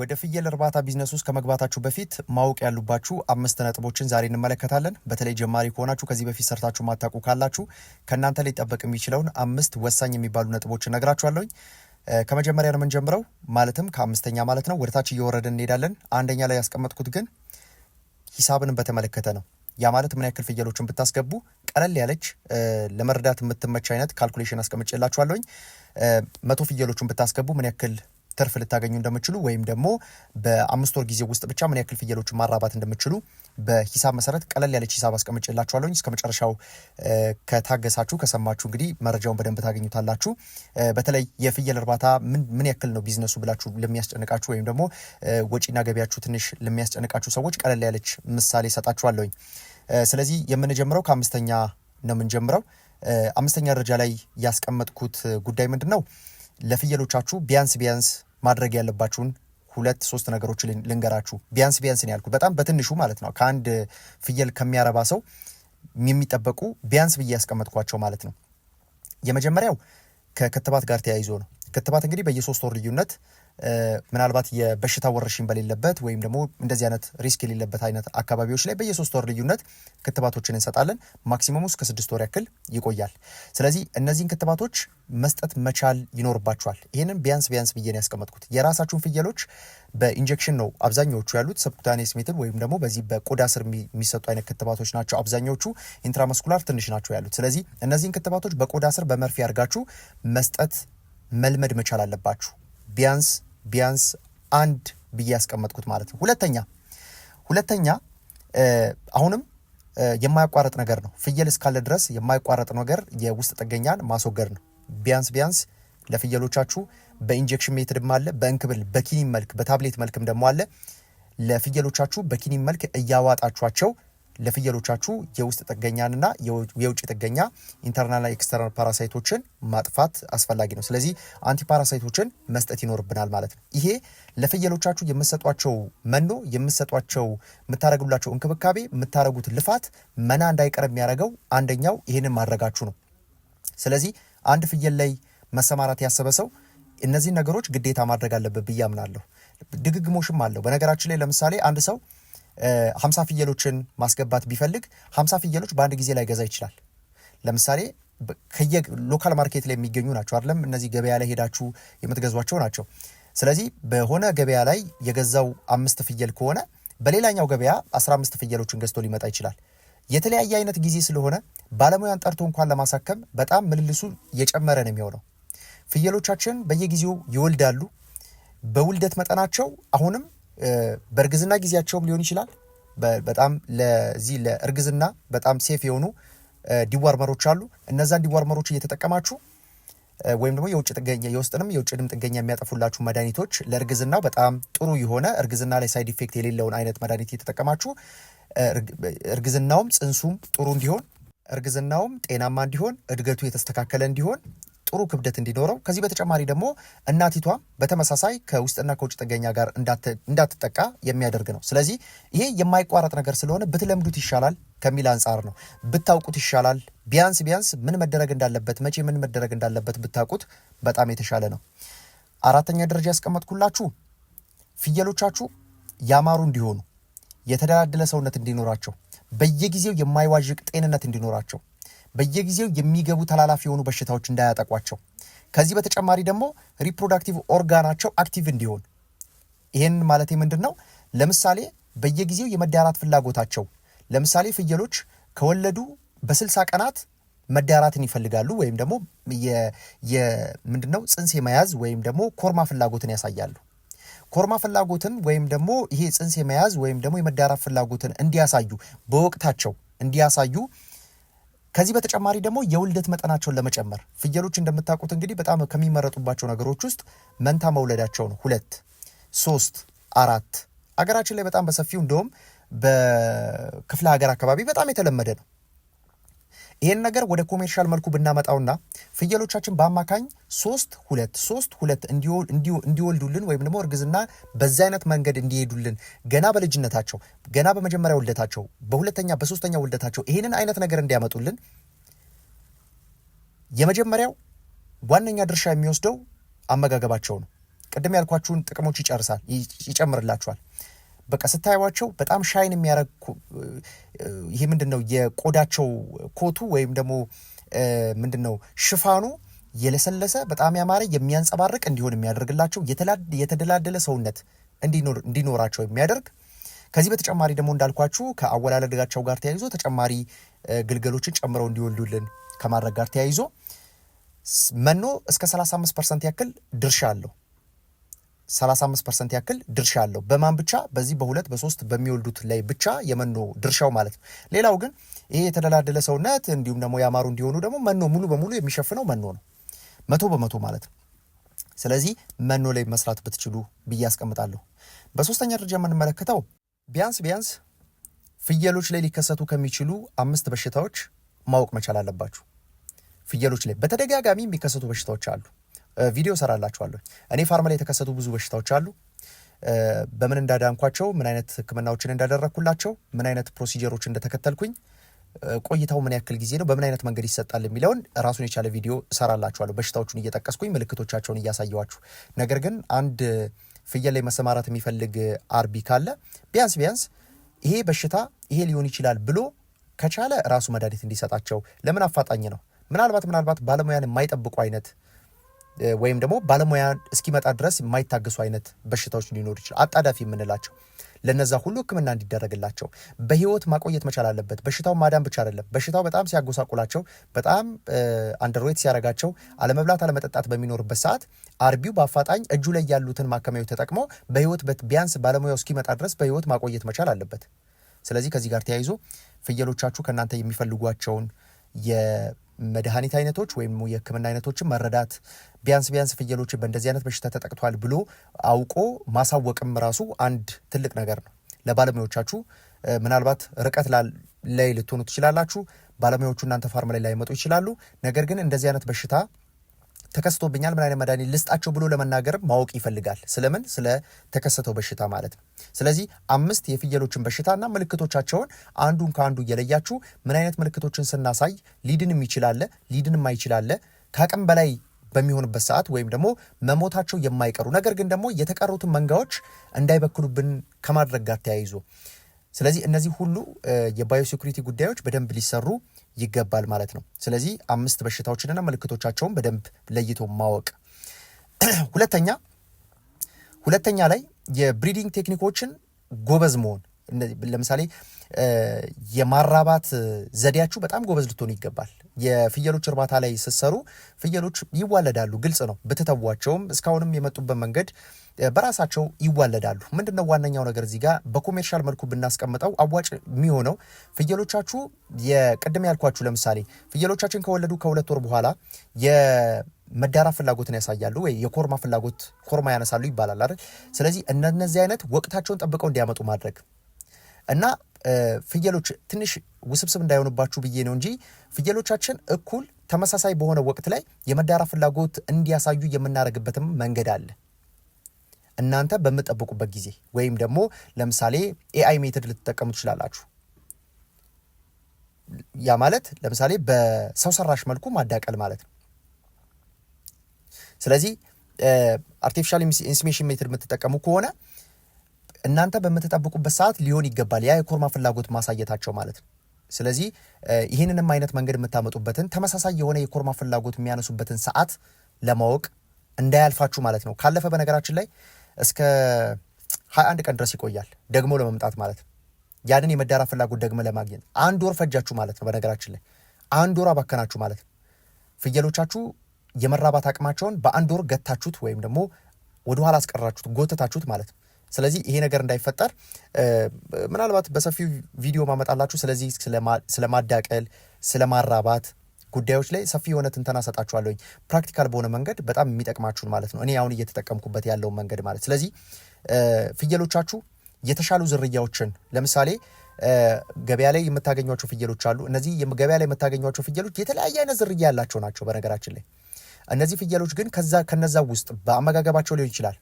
ወደ ፍየል እርባታ ቢዝነስ ውስጥ ከመግባታችሁ በፊት ማወቅ ያሉባችሁ አምስት ነጥቦችን ዛሬ እንመለከታለን። በተለይ ጀማሪ ከሆናችሁ ከዚህ በፊት ሰርታችሁ ማታውቁ ካላችሁ ከእናንተ ሊጠበቅ የሚችለውን አምስት ወሳኝ የሚባሉ ነጥቦችን እነግራችኋለሁኝ። ከመጀመሪያ ነው የምንጀምረው፣ ማለትም ከአምስተኛ ማለት ነው። ወደታች እየወረድን እንሄዳለን። አንደኛ ላይ ያስቀመጥኩት ግን ሂሳብንም በተመለከተ ነው። ያ ማለት ምን ያክል ፍየሎችን ብታስገቡ ቀለል ያለች ለመረዳት የምትመች አይነት ካልኩሌሽን አስቀምጬላችኋለሁኝ። መቶ ፍየሎችን ብታስገቡ ምን ያክል ትርፍ ልታገኙ እንደምችሉ ወይም ደግሞ በአምስት ወር ጊዜ ውስጥ ብቻ ምን ያክል ፍየሎችን ማራባት እንደምችሉ በሂሳብ መሰረት ቀለል ያለች ሂሳብ አስቀምጬላችኋለሁኝ። እስከ መጨረሻው ከታገሳችሁ ከሰማችሁ እንግዲህ መረጃውን በደንብ ታገኙታላችሁ። በተለይ የፍየል እርባታ ምን ያክል ነው ቢዝነሱ ብላችሁ ለሚያስጨንቃችሁ ወይም ደግሞ ወጪና ገቢያችሁ ትንሽ ለሚያስጨንቃችሁ ሰዎች ቀለል ያለች ምሳሌ እሰጣችኋለሁኝ። ስለዚህ የምንጀምረው ከአምስተኛ ነው የምንጀምረው። አምስተኛ ደረጃ ላይ ያስቀመጥኩት ጉዳይ ምንድን ነው? ለፍየሎቻችሁ ቢያንስ ቢያንስ ማድረግ ያለባችሁን ሁለት ሶስት ነገሮች ልንገራችሁ። ቢያንስ ቢያንስ ነው ያልኩት፣ በጣም በትንሹ ማለት ነው። ከአንድ ፍየል ከሚያረባ ሰው የሚጠበቁ ቢያንስ ብዬ ያስቀመጥኳቸው ማለት ነው። የመጀመሪያው ከክትባት ጋር ተያይዞ ነው። ክትባት እንግዲህ በየሶስት ወር ልዩነት ምናልባት የበሽታ ወረርሽኝ በሌለበት ወይም ደግሞ እንደዚህ አይነት ሪስክ የሌለበት አይነት አካባቢዎች ላይ በየሶስት ወር ልዩነት ክትባቶችን እንሰጣለን። ማክሲመሙ እስከ ስድስት ወር ያክል ይቆያል። ስለዚህ እነዚህን ክትባቶች መስጠት መቻል ይኖርባቸዋል። ይህንን ቢያንስ ቢያንስ ብዬ ነው ያስቀመጥኩት። የራሳችሁን ፍየሎች በኢንጀክሽን ነው አብዛኛዎቹ ያሉት ሰብኩታኔስ ሜትል ወይም ደግሞ በዚህ በቆዳ ስር የሚሰጡ አይነት ክትባቶች ናቸው አብዛኛዎቹ። ኢንትራመስኩላር ትንሽ ናቸው ያሉት። ስለዚህ እነዚህን ክትባቶች በቆዳ ስር በመርፌ አድርጋችሁ መስጠት መልመድ መቻል አለባችሁ። ቢያንስ ቢያንስ አንድ ብዬ ያስቀመጥኩት ማለት ነው። ሁለተኛ ሁለተኛ አሁንም የማያቋረጥ ነገር ነው። ፍየል እስካለ ድረስ የማይቋረጥ ነገር የውስጥ ጥገኛን ማስወገድ ነው። ቢያንስ ቢያንስ ለፍየሎቻችሁ በኢንጀክሽን ሜትድም አለ፣ በእንክብል በኪኒን መልክ በታብሌት መልክም ደግሞ አለ። ለፍየሎቻችሁ በኪኒን መልክ እያዋጣችኋቸው ለፍየሎቻችሁ የውስጥ ጥገኛንና የውጭ ጥገኛ ኢንተርናልና ኤክስተርናል ፓራሳይቶችን ማጥፋት አስፈላጊ ነው። ስለዚህ አንቲ ፓራሳይቶችን መስጠት ይኖርብናል ማለት ነው። ይሄ ለፍየሎቻችሁ የምትሰጧቸው መኖ፣ የምትሰጧቸው የምታደረጉላቸው እንክብካቤ፣ የምታደረጉት ልፋት መና እንዳይቀር የሚያደረገው አንደኛው ይህንን ማድረጋችሁ ነው። ስለዚህ አንድ ፍየል ላይ መሰማራት ያሰበ ሰው እነዚህን ነገሮች ግዴታ ማድረግ አለበት ብዬ አምናለሁ። ድግግሞሽም አለው። በነገራችን ላይ ለምሳሌ አንድ ሰው ሀምሳ ፍየሎችን ማስገባት ቢፈልግ ሀምሳ ፍየሎች በአንድ ጊዜ ላይ ገዛ ይችላል። ለምሳሌ ከየ ሎካል ማርኬት ላይ የሚገኙ ናቸው አይደለም? እነዚህ ገበያ ላይ ሄዳችሁ የምትገዟቸው ናቸው። ስለዚህ በሆነ ገበያ ላይ የገዛው አምስት ፍየል ከሆነ በሌላኛው ገበያ አምስት ፍየሎችን ገዝቶ ሊመጣ ይችላል። የተለያየ አይነት ጊዜ ስለሆነ ባለሙያን ጠርቶ እንኳን ለማሳከም በጣም ምልልሱ የጨመረ ነው የሚሆነው። ፍየሎቻችን በየጊዜው ይወልዳሉ። በውልደት መጠናቸው አሁንም በእርግዝና ጊዜያቸውም ሊሆን ይችላል። በጣም ለዚህ ለእርግዝና በጣም ሴፍ የሆኑ ዲዋርመሮች አሉ። እነዛን ዲዋርመሮች እየተጠቀማችሁ ወይም ደግሞ የውጭ ጥገኛ የውስጥንም የውጭንም ጥገኛ የሚያጠፉላችሁ መድኃኒቶች ለእርግዝናው በጣም ጥሩ የሆነ እርግዝና ላይ ሳይድ ኢፌክት የሌለውን አይነት መድኃኒት እየተጠቀማችሁ እርግዝናውም ጽንሱም ጥሩ እንዲሆን እርግዝናውም ጤናማ እንዲሆን እድገቱ የተስተካከለ እንዲሆን ጥሩ ክብደት እንዲኖረው ከዚህ በተጨማሪ ደግሞ እናቲቷ በተመሳሳይ ከውስጥና ከውጭ ጥገኛ ጋር እንዳትጠቃ የሚያደርግ ነው። ስለዚህ ይሄ የማይቋረጥ ነገር ስለሆነ ብትለምዱት ይሻላል ከሚል አንጻር ነው። ብታውቁት ይሻላል። ቢያንስ ቢያንስ ምን መደረግ እንዳለበት፣ መቼ ምን መደረግ እንዳለበት ብታውቁት በጣም የተሻለ ነው። አራተኛ ደረጃ ያስቀመጥኩላችሁ ፍየሎቻችሁ ያማሩ እንዲሆኑ የተደላደለ ሰውነት እንዲኖራቸው በየጊዜው የማይዋዥቅ ጤንነት እንዲኖራቸው በየጊዜው የሚገቡ ተላላፊ የሆኑ በሽታዎች እንዳያጠቋቸው፣ ከዚህ በተጨማሪ ደግሞ ሪፕሮዳክቲቭ ኦርጋናቸው አክቲቭ እንዲሆን። ይህን ማለት ምንድን ነው? ለምሳሌ በየጊዜው የመዳራት ፍላጎታቸው ለምሳሌ ፍየሎች ከወለዱ በስልሳ ቀናት መዳራትን ይፈልጋሉ ወይም ደግሞ ምንድነው ጽንሴ መያዝ ወይም ደግሞ ኮርማ ፍላጎትን ያሳያሉ። ኮርማ ፍላጎትን ወይም ደግሞ ይሄ ጽንሴ መያዝ ወይም ደግሞ የመዳራት ፍላጎትን እንዲያሳዩ በወቅታቸው እንዲያሳዩ ከዚህ በተጨማሪ ደግሞ የውልደት መጠናቸውን ለመጨመር ፍየሎች እንደምታውቁት እንግዲህ በጣም ከሚመረጡባቸው ነገሮች ውስጥ መንታ መውለዳቸው ነው። ሁለት፣ ሶስት፣ አራት አገራችን ላይ በጣም በሰፊው እንደውም በክፍለ ሀገር አካባቢ በጣም የተለመደ ነው። ይሄን ነገር ወደ ኮሜርሻል መልኩ ብናመጣውና ፍየሎቻችን በአማካኝ ሶስት ሁለት ሶስት ሁለት እንዲወልዱልን ወይም ደግሞ እርግዝና በዚህ አይነት መንገድ እንዲሄዱልን ገና በልጅነታቸው ገና በመጀመሪያ ውልደታቸው፣ በሁለተኛ በሶስተኛ ውልደታቸው ይህንን አይነት ነገር እንዲያመጡልን የመጀመሪያው ዋነኛ ድርሻ የሚወስደው አመጋገባቸው ነው። ቅድም ያልኳችሁን ጥቅሞች ይጨርሳል ይጨምርላችኋል። በቃ ስታዩቸው በጣም ሻይን የሚያደርግ ይሄ ምንድን ነው የቆዳቸው ኮቱ ወይም ደግሞ ምንድን ነው ሽፋኑ የለሰለሰ በጣም ያማረ የሚያንጸባርቅ እንዲሆን የሚያደርግላቸው የተደላደለ ሰውነት እንዲኖራቸው የሚያደርግ ከዚህ በተጨማሪ ደግሞ እንዳልኳችሁ ከአወላለድጋቸው ጋር ተያይዞ ተጨማሪ ግልገሎችን ጨምረው እንዲወልዱልን ከማድረግ ጋር ተያይዞ መኖ እስከ 35 ፐርሰንት ያክል ድርሻ አለው። 35 ፐርሰንት ያክል ድርሻ አለው። በማን ብቻ? በዚህ በሁለት በሶስት በሚወልዱት ላይ ብቻ የመኖ ድርሻው ማለት ነው። ሌላው ግን ይሄ የተደላደለ ሰውነት እንዲሁም ደግሞ ያማሩ እንዲሆኑ ደግሞ መኖ ሙሉ በሙሉ የሚሸፍነው መኖ ነው፣ መቶ በመቶ ማለት ነው። ስለዚህ መኖ ላይ መስራት ብትችሉ ብዬ አስቀምጣለሁ። በሶስተኛ ደረጃ የምንመለከተው ቢያንስ ቢያንስ ፍየሎች ላይ ሊከሰቱ ከሚችሉ አምስት በሽታዎች ማወቅ መቻል አለባችሁ። ፍየሎች ላይ በተደጋጋሚ የሚከሰቱ በሽታዎች አሉ። ቪዲዮ ሰራላችኋለሁ። እኔ ፋርማ ላይ የተከሰቱ ብዙ በሽታዎች አሉ። በምን እንዳዳንኳቸው፣ ምን አይነት ህክምናዎችን እንዳደረግኩላቸው፣ ምን አይነት ፕሮሲጀሮች እንደተከተልኩኝ፣ ቆይታው ምን ያክል ጊዜ ነው፣ በምን አይነት መንገድ ይሰጣል የሚለውን ራሱን የቻለ ቪዲዮ ሰራላችኋለሁ። በሽታዎቹን እየጠቀስኩኝ ምልክቶቻቸውን እያሳየዋችሁ። ነገር ግን አንድ ፍየል ላይ መሰማራት የሚፈልግ አርቢ ካለ ቢያንስ ቢያንስ ይሄ በሽታ ይሄ ሊሆን ይችላል ብሎ ከቻለ ራሱ መድኃኒት እንዲሰጣቸው ለምን አፋጣኝ ነው ምናልባት ምናልባት ባለሙያን የማይጠብቁ አይነት ወይም ደግሞ ባለሙያ እስኪመጣ ድረስ የማይታገሱ አይነት በሽታዎች ሊኖሩ ይችላል። አጣዳፊ የምንላቸው ለነዛ ሁሉ ሕክምና እንዲደረግላቸው በህይወት ማቆየት መቻል አለበት። በሽታው ማዳን ብቻ አይደለም። በሽታው በጣም ሲያጎሳቁላቸው፣ በጣም አንደርዌት ሲያረጋቸው፣ አለመብላት አለመጠጣት በሚኖርበት ሰዓት አርቢው በአፋጣኝ እጁ ላይ ያሉትን ማከሚያዎች ተጠቅሞ በህይወት ቢያንስ ባለሙያው እስኪመጣ ድረስ በህይወት ማቆየት መቻል አለበት። ስለዚህ ከዚህ ጋር ተያይዞ ፍየሎቻችሁ ከእናንተ የሚፈልጓቸውን የመድኃኒት አይነቶች ወይም የህክምና አይነቶችን መረዳት ቢያንስ ቢያንስ ፍየሎችን በእንደዚህ አይነት በሽታ ተጠቅቷል ብሎ አውቆ ማሳወቅም ራሱ አንድ ትልቅ ነገር ነው። ለባለሙያዎቻችሁ ምናልባት ርቀት ላይ ልትሆኑ ትችላላችሁ። ባለሙያዎቹ እናንተ ፋርም ላይ ላይመጡ ይችላሉ። ነገር ግን እንደዚህ አይነት በሽታ ተከስቶብኛል ምን አይነት መድኃኒት ልስጣቸው ብሎ ለመናገር ማወቅ ይፈልጋል። ስለምን ስለተከሰተው በሽታ ማለት ነው። ስለዚህ አምስት የፍየሎችን በሽታና ምልክቶቻቸውን አንዱን ከአንዱ እየለያችሁ ምን አይነት ምልክቶችን ስናሳይ ሊድንም ይችላለ ሊድንም አይችላለ ከአቅም በላይ በሚሆንበት ሰዓት ወይም ደግሞ መሞታቸው የማይቀሩ ነገር ግን ደግሞ የተቀሩትን መንጋዎች እንዳይበክሉብን ከማድረግ ጋር ተያይዞ ስለዚህ እነዚህ ሁሉ የባዮ ሴኩሪቲ ጉዳዮች በደንብ ሊሰሩ ይገባል ማለት ነው። ስለዚህ አምስት በሽታዎችንና ምልክቶቻቸውን በደንብ ለይቶ ማወቅ። ሁለተኛ ሁለተኛ ላይ የብሪዲንግ ቴክኒኮችን ጎበዝ መሆን ለምሳሌ የማራባት ዘዴያችሁ በጣም ጎበዝ ልትሆኑ ይገባል። የፍየሎች እርባታ ላይ ስትሰሩ ፍየሎች ይዋለዳሉ፣ ግልጽ ነው። ብትተዋቸውም እስካሁንም የመጡበት መንገድ በራሳቸው ይዋለዳሉ። ምንድነው ዋነኛው ነገር እዚህ ጋር በኮሜርሻል መልኩ ብናስቀምጠው አዋጭ የሚሆነው ፍየሎቻችሁ የቅድም ያልኳችሁ ለምሳሌ ፍየሎቻችን ከወለዱ ከሁለት ወር በኋላ መዳራ ፍላጎትን ያሳያሉ ወይ የኮርማ ፍላጎት ኮርማ ያነሳሉ ይባላል አይደል? ስለዚህ እነዚህ አይነት ወቅታቸውን ጠብቀው እንዲያመጡ ማድረግ እና ፍየሎች ትንሽ ውስብስብ እንዳይሆንባችሁ ብዬ ነው እንጂ ፍየሎቻችን እኩል ተመሳሳይ በሆነ ወቅት ላይ የመዳራ ፍላጎት እንዲያሳዩ የምናደርግበትም መንገድ አለ። እናንተ በምጠብቁበት ጊዜ ወይም ደግሞ ለምሳሌ ኤአይ ሜትድ ልትጠቀሙ ትችላላችሁ። ያ ማለት ለምሳሌ በሰው ሰራሽ መልኩ ማዳቀል ማለት ነው። ስለዚህ አርቲፊሻል ኢንሲሜሽን ሜትድ የምትጠቀሙ ከሆነ እናንተ በምትጠብቁበት ሰዓት ሊሆን ይገባል። ያ የኮርማ ፍላጎት ማሳየታቸው ማለት ነው። ስለዚህ ይህንንም አይነት መንገድ የምታመጡበትን ተመሳሳይ የሆነ የኮርማ ፍላጎት የሚያነሱበትን ሰዓት ለማወቅ እንዳያልፋችሁ ማለት ነው። ካለፈ በነገራችን ላይ እስከ 21 ቀን ድረስ ይቆያል ደግሞ ለመምጣት ማለት ነው። ያንን የመዳራ ፍላጎት ደግሞ ለማግኘት አንድ ወር ፈጃችሁ ማለት ነው። በነገራችን ላይ አንድ ወር አባከናችሁ ማለት ነው። ፍየሎቻችሁ የመራባት አቅማቸውን በአንድ ወር ገታችሁት ወይም ደግሞ ወደኋላ አስቀራችሁት፣ ጎተታችሁት ማለት ነው። ስለዚህ ይሄ ነገር እንዳይፈጠር ምናልባት በሰፊው ቪዲዮ ማመጣላችሁ። ስለዚህ ስለማዳቀል ስለማራባት ጉዳዮች ላይ ሰፊ የሆነ ትንተና ሰጣችኋለሁኝ ፕራክቲካል በሆነ መንገድ በጣም የሚጠቅማችሁን ማለት ነው። እኔ አሁን እየተጠቀምኩበት ያለውን መንገድ ማለት ስለዚህ ፍየሎቻችሁ የተሻሉ ዝርያዎችን ለምሳሌ ገበያ ላይ የምታገኟቸው ፍየሎች አሉ። እነዚህ ገበያ ላይ የምታገኟቸው ፍየሎች የተለያየ አይነት ዝርያ ያላቸው ናቸው። በነገራችን ላይ እነዚህ ፍየሎች ግን ከዛ ከነዛ ውስጥ በአመጋገባቸው ሊሆን ይችላል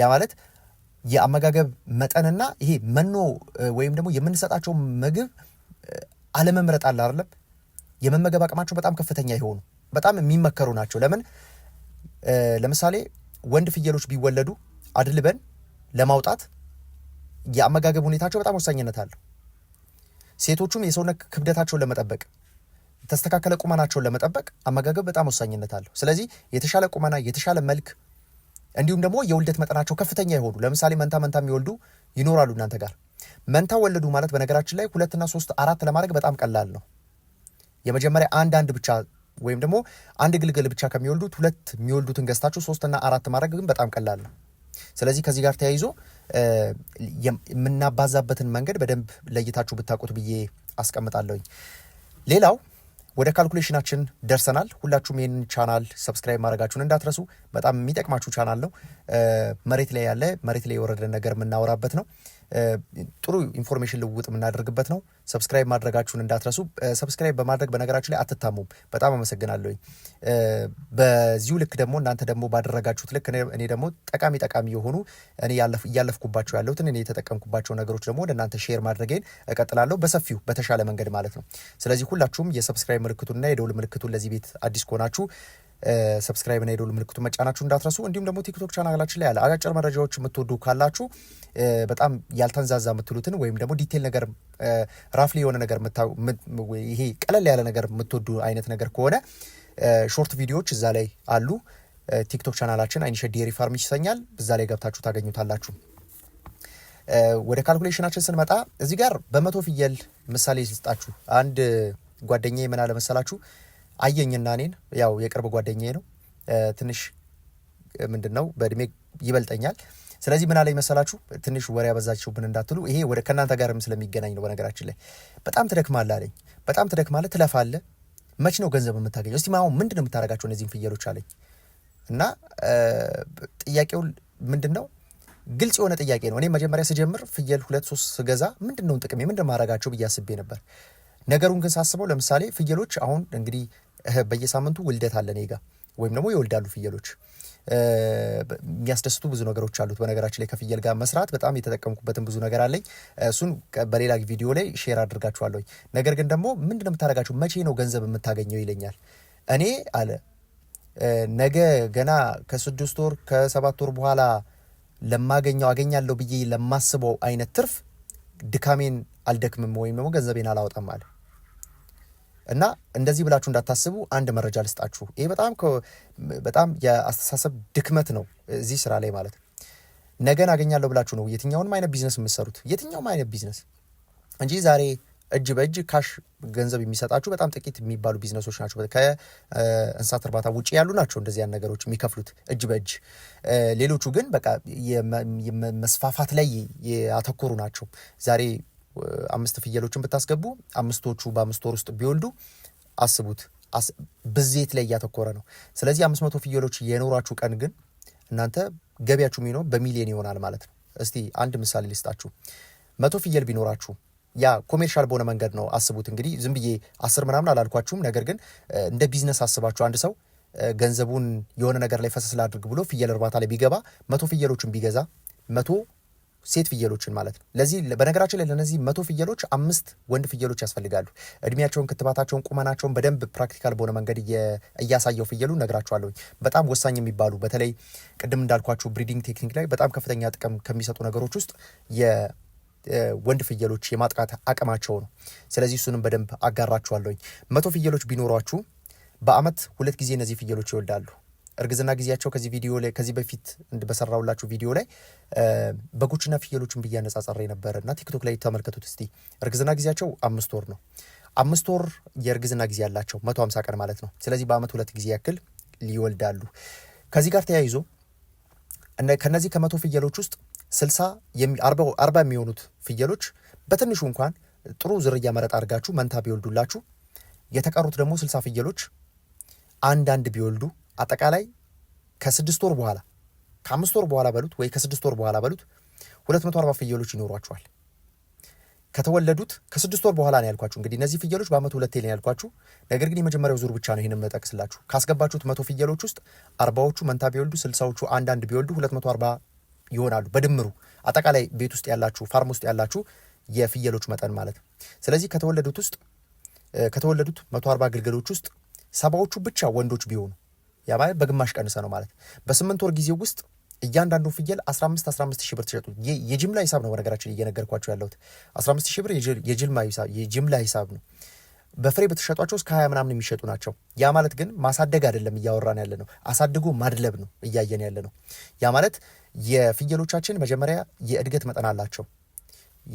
ያ ማለት የአመጋገብ መጠንና ይሄ መኖ ወይም ደግሞ የምንሰጣቸው ምግብ አለመምረጥ አለ አይደለም። የመመገብ አቅማቸው በጣም ከፍተኛ የሆኑ በጣም የሚመከሩ ናቸው። ለምን ለምሳሌ ወንድ ፍየሎች ቢወለዱ አድልበን ለማውጣት የአመጋገብ ሁኔታቸው በጣም ወሳኝነት አለው። ሴቶቹም የሰውነት ክብደታቸውን ለመጠበቅ የተስተካከለ ቁመናቸውን ለመጠበቅ አመጋገብ በጣም ወሳኝነት አለው። ስለዚህ የተሻለ ቁመና የተሻለ መልክ እንዲሁም ደግሞ የውልደት መጠናቸው ከፍተኛ የሆኑ ለምሳሌ መንታ መንታ የሚወልዱ ይኖራሉ እናንተ ጋር። መንታ ወለዱ ማለት በነገራችን ላይ ሁለትና ሶስት አራት ለማድረግ በጣም ቀላል ነው። የመጀመሪያ አንድ አንድ ብቻ ወይም ደግሞ አንድ ግልግል ብቻ ከሚወልዱት ሁለት የሚወልዱትን ገዝታችሁ ሶስትና አራት ማድረግ ግን በጣም ቀላል ነው። ስለዚህ ከዚህ ጋር ተያይዞ የምናባዛበትን መንገድ በደንብ ለይታችሁ ብታውቁት ብዬ አስቀምጣለሁኝ። ሌላው ወደ ካልኩሌሽናችን ደርሰናል። ሁላችሁም ይህንን ቻናል ሰብስክራይብ ማድረጋችሁን እንዳትረሱ። በጣም የሚጠቅማችሁ ቻናል ነው። መሬት ላይ ያለ መሬት ላይ የወረደ ነገር የምናወራበት ነው። ጥሩ ኢንፎርሜሽን ልውውጥ የምናደርግበት ነው። ሰብስክራይብ ማድረጋችሁን እንዳትረሱ። ሰብስክራይብ በማድረግ በነገራችሁ ላይ አትታሙም። በጣም አመሰግናለሁኝ። በዚሁ ልክ ደግሞ እናንተ ደግሞ ባደረጋችሁት ልክ እኔ ደግሞ ጠቃሚ ጠቃሚ የሆኑ እኔ እያለፍኩባቸው ያለሁትን እኔ የተጠቀምኩባቸው ነገሮች ደግሞ ወደ እናንተ ሼር ማድረጌን እቀጥላለሁ፣ በሰፊው በተሻለ መንገድ ማለት ነው። ስለዚህ ሁላችሁም የሰብስክራይብ ምልክቱንና የደውል ምልክቱን ለዚህ ቤት አዲስ ከሆናችሁ ሰብስክራይብ ና የደወል ምልክቱ መጫናችሁ እንዳትረሱ። እንዲሁም ደግሞ ቲክቶክ ቻናላችን ላይ ያለ አጫጭር መረጃዎች የምትወዱ ካላችሁ በጣም ያልተንዛዛ የምትሉትን ወይም ደግሞ ዲቴል ነገር ራፍሊ የሆነ ነገር ይሄ ቀለል ያለ ነገር የምትወዱ አይነት ነገር ከሆነ ሾርት ቪዲዮዎች እዛ ላይ አሉ። ቲክቶክ ቻናላችን አይንሸ ዴሪ ፋርም ይሰኛል። እዛ ላይ ገብታችሁ ታገኙታላችሁ። ወደ ካልኩሌሽናችን ስንመጣ እዚህ ጋር በመቶ ፍየል ምሳሌ ስጣችሁ አንድ ጓደኛ ምን አለ መሰላችሁ አየኝና እኔን ያው የቅርብ ጓደኛዬ ነው ትንሽ ምንድን ነው በእድሜ ይበልጠኛል። ስለዚህ ምን አለኝ መሰላችሁ ትንሽ ወሬ ያበዛችሁብን እንዳትሉ፣ ይሄ ወደ ከእናንተ ጋርም ስለሚገናኝ ነው። በነገራችን ላይ በጣም ትደክማለህ አለኝ። በጣም ትደክማለህ፣ ትለፋለህ። መች ነው ገንዘብ የምታገኘው? እስቲ አሁን ምንድን ነው የምታደርጋቸው እነዚህን ፍየሎች አለኝ እና ጥያቄው ምንድን ነው ግልጽ የሆነ ጥያቄ ነው። እኔ መጀመሪያ ስጀምር ፍየል ሁለት ሶስት ስገዛ ምንድን ነው ጥቅሜ፣ ምንድን ማድረጋቸው ብዬ አስቤ ነበር። ነገሩን ግን ሳስበው ለምሳሌ ፍየሎች አሁን እንግዲህ በየሳምንቱ ውልደት አለ እኔ ጋ ወይም ደግሞ ይወልዳሉ ፍየሎች። የሚያስደስቱ ብዙ ነገሮች አሉት። በነገራችን ላይ ከፍየል ጋር መስራት በጣም የተጠቀምኩበትን ብዙ ነገር አለኝ። እሱን በሌላ ቪዲዮ ላይ ሼር አድርጋችኋለሁኝ። ነገር ግን ደግሞ ምንድን ነው የምታደርጋቸው? መቼ ነው ገንዘብ የምታገኘው ይለኛል። እኔ አለ ነገ ገና ከስድስት ወር ከሰባት ወር በኋላ ለማገኘው አገኛለሁ ብዬ ለማስበው አይነት ትርፍ ድካሜን አልደክምም ወይም ደግሞ ገንዘቤን አላወጣም አለ እና እንደዚህ ብላችሁ እንዳታስቡ አንድ መረጃ ልስጣችሁ። ይሄ በጣም በጣም የአስተሳሰብ ድክመት ነው እዚህ ስራ ላይ ማለት ነው። ነገን አገኛለሁ ብላችሁ ነው የትኛውንም አይነት ቢዝነስ የምትሰሩት፣ የትኛውም አይነት ቢዝነስ እንጂ ዛሬ እጅ በእጅ ካሽ ገንዘብ የሚሰጣችሁ በጣም ጥቂት የሚባሉ ቢዝነሶች ናቸው። ከእንስሳት እርባታ ውጭ ያሉ ናቸው እንደዚህ ያን ነገሮች የሚከፍሉት እጅ በእጅ። ሌሎቹ ግን በቃ መስፋፋት ላይ ያተኮሩ ናቸው ዛሬ አምስት ፍየሎችን ብታስገቡ አምስቶቹ በአምስት ወር ውስጥ ቢወልዱ አስቡት፣ ብዜት ላይ እያተኮረ ነው። ስለዚህ አምስት መቶ ፍየሎች የኖሯችሁ ቀን ግን እናንተ ገቢያችሁ የሚሆነው በሚሊዮን ይሆናል ማለት ነው። እስቲ አንድ ምሳሌ ልስጣችሁ። መቶ ፍየል ቢኖራችሁ ያ ኮሜርሻል በሆነ መንገድ ነው። አስቡት እንግዲህ ዝም ብዬ አስር ምናምን አላልኳችሁም። ነገር ግን እንደ ቢዝነስ አስባችሁ አንድ ሰው ገንዘቡን የሆነ ነገር ላይ ፈሰስ ላድርግ ብሎ ፍየል እርባታ ላይ ቢገባ መቶ ፍየሎችን ቢገዛ መቶ ሴት ፍየሎችን ማለት ነው። ለዚህ በነገራችን ላይ ለነዚህ መቶ ፍየሎች አምስት ወንድ ፍየሎች ያስፈልጋሉ። እድሜያቸውን፣ ክትባታቸውን፣ ቁመናቸውን በደንብ ፕራክቲካል በሆነ መንገድ እያሳየው ፍየሉ ነግራችኋለሁኝ። በጣም ወሳኝ የሚባሉ በተለይ ቅድም እንዳልኳቸው ብሪዲንግ ቴክኒክ ላይ በጣም ከፍተኛ ጥቅም ከሚሰጡ ነገሮች ውስጥ ወንድ ፍየሎች የማጥቃት አቅማቸው ነው። ስለዚህ እሱንም በደንብ አጋራችኋለሁኝ። መቶ ፍየሎች ቢኖሯችሁ በአመት ሁለት ጊዜ እነዚህ ፍየሎች ይወልዳሉ። እርግዝና ጊዜያቸው ከዚህ ቪዲዮ ላይ ከዚህ በፊት በሰራውላችሁ ቪዲዮ ላይ በጎችና ፍየሎችን ብዬ የነበረ ነበር እና ቲክቶክ ላይ ተመልከቱት እስቲ። እርግዝና ጊዜያቸው አምስት ወር ነው። አምስት ወር የእርግዝና ጊዜ ያላቸው መቶ ሀምሳ ቀን ማለት ነው። ስለዚህ በአመት ሁለት ጊዜ ያክል ሊወልዳሉ። ከዚህ ጋር ተያይዞ ከነዚህ ከመቶ ፍየሎች ውስጥ ስልሳ አርባ የሚሆኑት ፍየሎች በትንሹ እንኳን ጥሩ ዝርያ መረጥ አድርጋችሁ መንታ ቢወልዱላችሁ የተቀሩት ደግሞ ስልሳ ፍየሎች አንዳንድ ቢወልዱ አጠቃላይ ከስድስት ወር በኋላ ከአምስት ወር በኋላ በሉት ወይ ከስድስት ወር በኋላ በሉት ሁለት መቶ አርባ ፍየሎች ይኖሯቸዋል። ከተወለዱት ከስድስት ወር በኋላ ነው ያልኳችሁ። እንግዲህ እነዚህ ፍየሎች በአመት ሁለት ነው ያልኳችሁ። ነገር ግን የመጀመሪያው ዙር ብቻ ነው ይህን የምጠቅስላችሁ። ካስገባችሁት መቶ ፍየሎች ውስጥ አርባዎቹ መንታ ቢወልዱ፣ ስልሳዎቹ አንዳንድ ቢወልዱ ሁለት መቶ አርባ ይሆናሉ በድምሩ አጠቃላይ ቤት ውስጥ ያላችሁ ፋርም ውስጥ ያላችሁ የፍየሎች መጠን ማለት ነው። ስለዚህ ከተወለዱት ውስጥ ከተወለዱት መቶ አርባ ግልገሎች ውስጥ ሰባዎቹ ብቻ ወንዶች ቢሆኑ ያ ማለት በግማሽ ቀንሰ ነው ማለት በስምንት ወር ጊዜ ውስጥ እያንዳንዱ ፍየል 15 15 ሺህ ብር ትሸጡ። የጅምላ ሂሳብ ነው በነገራችን እየነገርኳቸው ያለሁት 15 ሺህ ብር የጅምላ ሂሳብ ነው። በፍሬ በተሸጧቸው እስከ 20 ምናምን የሚሸጡ ናቸው። ያ ማለት ግን ማሳደግ አይደለም እያወራን ያለ ነው፣ አሳድጎ ማድለብ ነው እያየን ያለ ነው። ያ ማለት የፍየሎቻችን መጀመሪያ የእድገት መጠን አላቸው።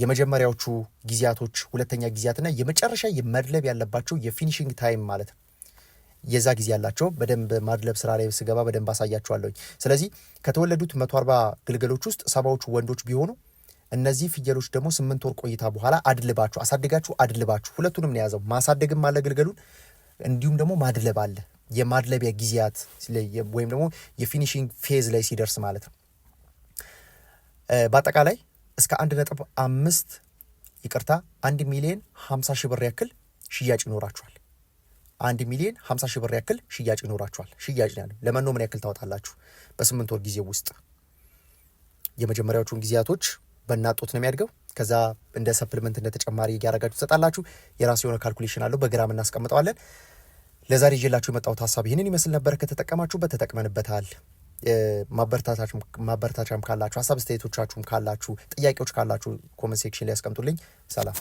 የመጀመሪያዎቹ ጊዜያቶች፣ ሁለተኛ ጊዜያትና የመጨረሻ የመድለብ ያለባቸው የፊኒሽንግ ታይም ማለት ነው። የዛ ጊዜ ያላቸው በደንብ ማድለብ ስራ ላይ ስገባ በደንብ አሳያችኋለሁኝ። ስለዚህ ከተወለዱት መቶ አርባ ግልገሎች ውስጥ ሰባዎቹ ወንዶች ቢሆኑ እነዚህ ፍየሎች ደግሞ ስምንት ወር ቆይታ በኋላ አድልባችሁ አሳድጋችሁ አድልባችሁ ሁለቱንም ነው የያዘው። ማሳደግም አለ ግልገሉን፣ እንዲሁም ደግሞ ማድለብ አለ። የማድለቢያ ጊዜያት ወይም ደግሞ የፊኒሽንግ ፌዝ ላይ ሲደርስ ማለት ነው። በአጠቃላይ እስከ አንድ ነጥብ አምስት ይቅርታ አንድ ሚሊዮን ሀምሳ ሺህ ብር ያክል ሽያጭ ይኖራችኋል። አንድ ሚሊዮን 50 ሺህ ብር ያክል ሽያጭ ይኖራችኋል። ሽያጭ ነው ያለው። ለመኖ ምን ያክል ታወጣላችሁ? በስምንት ወር ጊዜ ውስጥ የመጀመሪያዎቹን ጊዜያቶች በእናጦት ነው የሚያድገው። ከዛ እንደ ሰፕልመንት እንደ ተጨማሪ እያረጋችሁ ትሰጣላችሁ። የራሱ የሆነ ካልኩሌሽን አለው፣ በግራም እናስቀምጠዋለን። ለዛሬ ይዤላችሁ የመጣሁት ሀሳብ ይህንን ይመስል ነበረ። ከተጠቀማችሁበት ተጠቅመንበታል። ማበረታቻም ካላችሁ ሀሳብ አስተያየቶቻችሁም ካላችሁ ጥያቄዎች ካላችሁ ኮመንት ሴክሽን ላይ ያስቀምጡልኝ። ሰላም